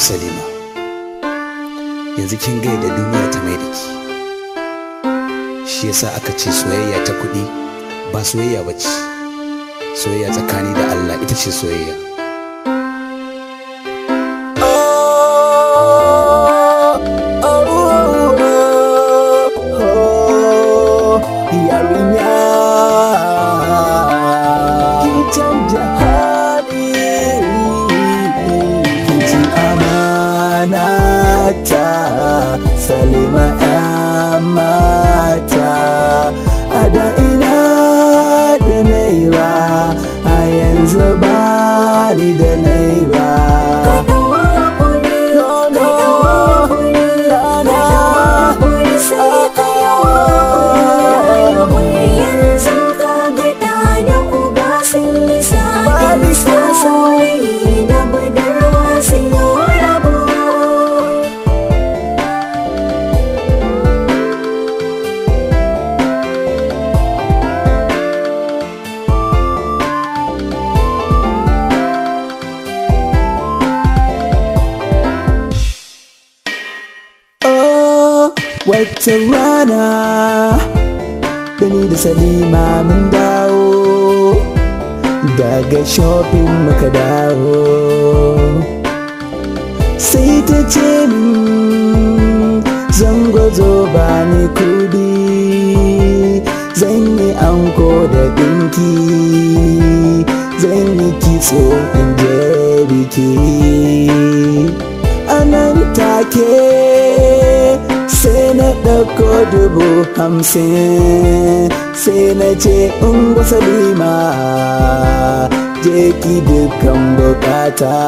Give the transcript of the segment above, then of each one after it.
salima yanzu kin gaya da duniya ta mai daki shi yasa aka ce soyayya ta kuɗi ba soyayya ba ce soyayya tsakani da allah ita ce soyayya Manata Salima Amma wata rana Dani da salima mun dawo daga shopping muka dawo sai ta ce min zangozo ba ni kudi zan yi anko da dinki zan yi kitso in je biki anan take dauko dubu hamsin sai na ce in salima je ki dukkan bukata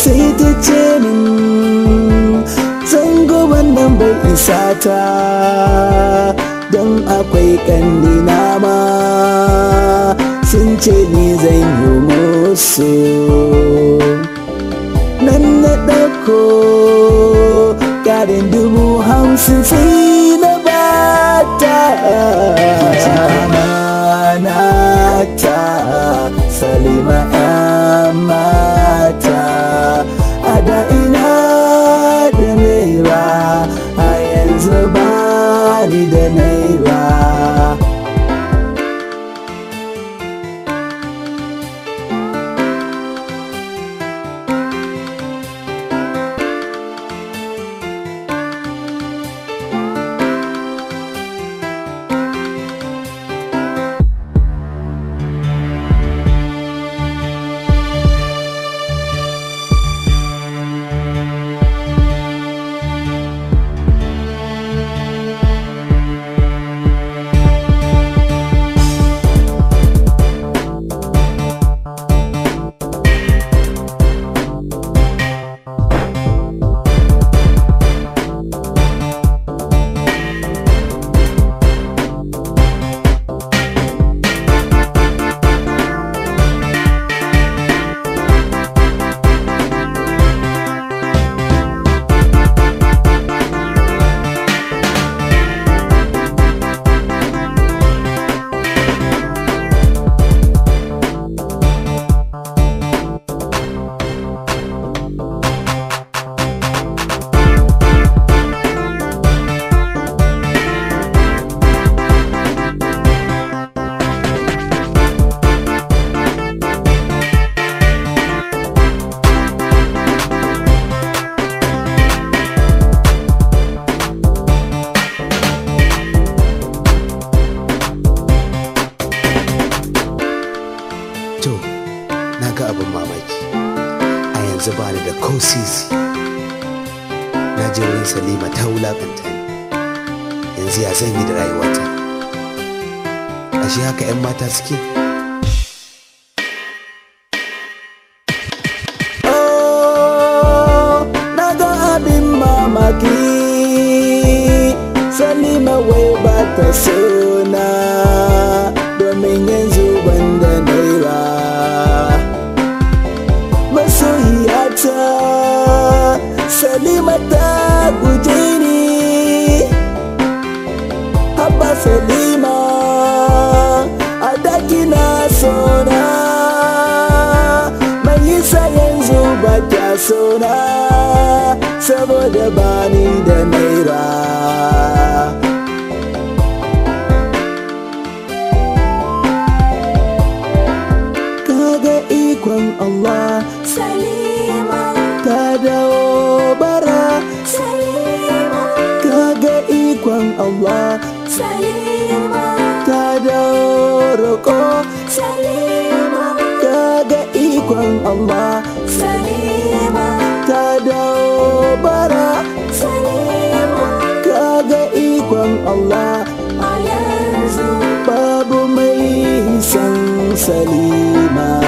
sai ta ce min zango wannan bai isa ta don akwai na ma sun ce ni zan yi musu 反复。to na ga abin mamaki a yanzu ba ni da ko sisi na ji wurin salima ta wulaƙanta ni yanzu ya zan yi da rayuwata ashe haka 'yan mata suke oh, na ga abin salima wai ba ta so sona saboda bani da naira kaga ikon Allah Lima